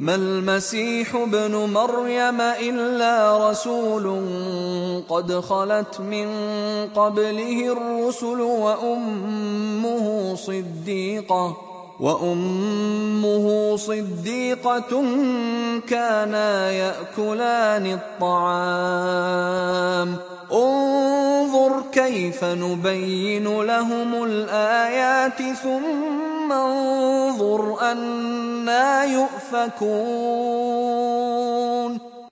ما المسيح ابن مريم الا رسول قد خلت من قبله الرسل وامه صديقه وامه صديقه كانا ياكلان الطعام انظر كيف نبين لهم الايات ثم انظر ان ما يُؤْفَكُونَ